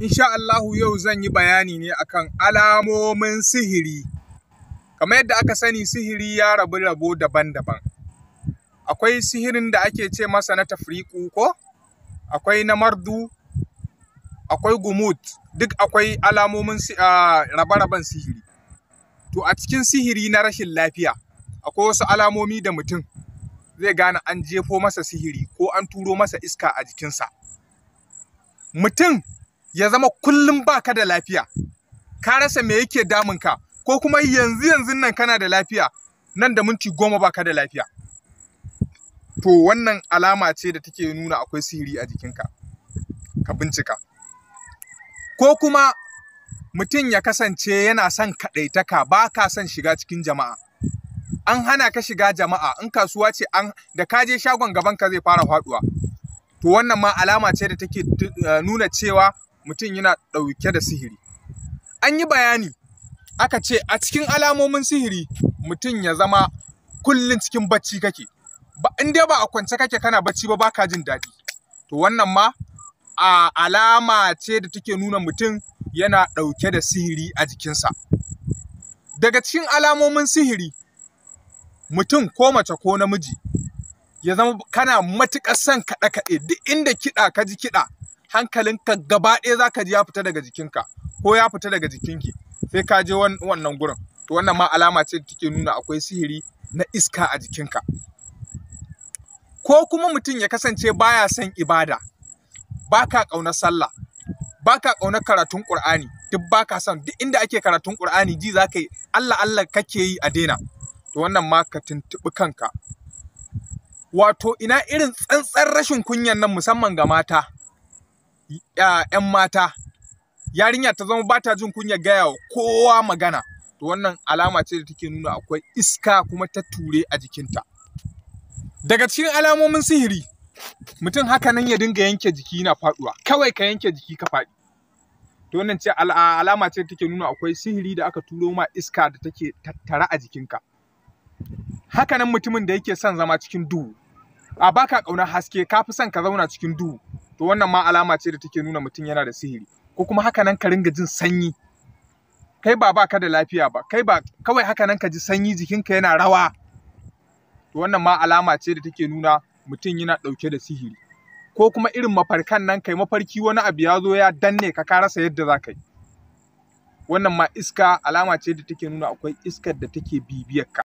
insha Allahu yau zan yi bayani ne akan alamomin sihiri. Kamar yadda aka sani sihiri ya rabu rabo daban-daban. Akwai sihirin da ake ce masa na tafriku ko, akwai na mardu, akwai gumut, duk akwai alamomin rabe-raben sihiri. To a cikin sihiri na rashin lafiya, akwai wasu alamomi da mutum zai gane an jefo masa sihiri ko an turo masa iska a jikinsa. mutum ya zama kullum baka da lafiya ka rasa me yake damunka ko kuma yanzu yanzu nan kana da lafiya nan da minti goma baka da lafiya to wannan alama ce da take nuna akwai sihiri a jikinka ka bincika ko kuma mutum ya kasance yana son kaɗaitaka ba ka son shiga cikin jama'a an hana ka shiga jama'a in kasuwa ce da ka je shagon gaban ka zai fara faɗuwa to wannan ma alama ce da take eh, nuna cewa mutum yana ɗauke da sihiri an yi bayani aka ce a cikin alamomin sihiri mutum ya zama kullum cikin bacci kake ba in dai ba a kwance kake kana bacci ba baka jin daɗi to wannan ma a alama ce da take nuna mutum yana ɗauke da sihiri a jikinsa daga cikin alamomin sihiri mutum ko mace ko namiji ya zama kana matuƙar son kaɗe kaɗe duk inda kiɗa ka ji kiɗa hankalinka gaba ɗaya za ka ji ya fita daga jikinka ko ya fita daga jikinki sai ka je wannan gurin to wannan ma alama ce da take nuna akwai sihiri na iska a jikinka ko kuma mutum ya kasance baya son ibada baka ƙaunar sallah baka ƙaunar karatun Qur'ani duk baka son duk inda ake karatun Qur'ani ji zakai yi Allah Allah kake yi a daina to wannan ma ka tuntuɓi kanka wato ina irin tsantsar rashin kunyan nan musamman ga mata ‘yan mata yarinya ta zama ba ta jin kunya gaya wa kowa magana to wannan alama ce da take nuna akwai iska kuma ta ture a jikinta daga cikin alamomin sihiri mutum haka nan ya dinga yanke jiki na faduwa kawai ka yanke jiki ka faɗi to wannan ce alama ce da take nuna akwai sihiri da aka turo ma iska da take tattara a jikinka haka nan mutumin da yake son zama cikin duhu a baka ƙaunar haske ka fi son ka zauna cikin duhu to wannan ma alama ce da take nuna mutum yana da sihiri ko kuma haka nan ka ringa jin sanyi kai ba baka da lafiya ba kai ba kawai haka nan ka ji sanyi jikinka yana rawa to wannan ma alama ce da take nuna mutum yana ɗauke da sihiri ko kuma irin mafarkan nan kai mafarki wani abu ya zo ya danne ka ka rasa yadda za ka yi wannan ma iska alama ce da take nuna akwai iskar da take bibiyar ka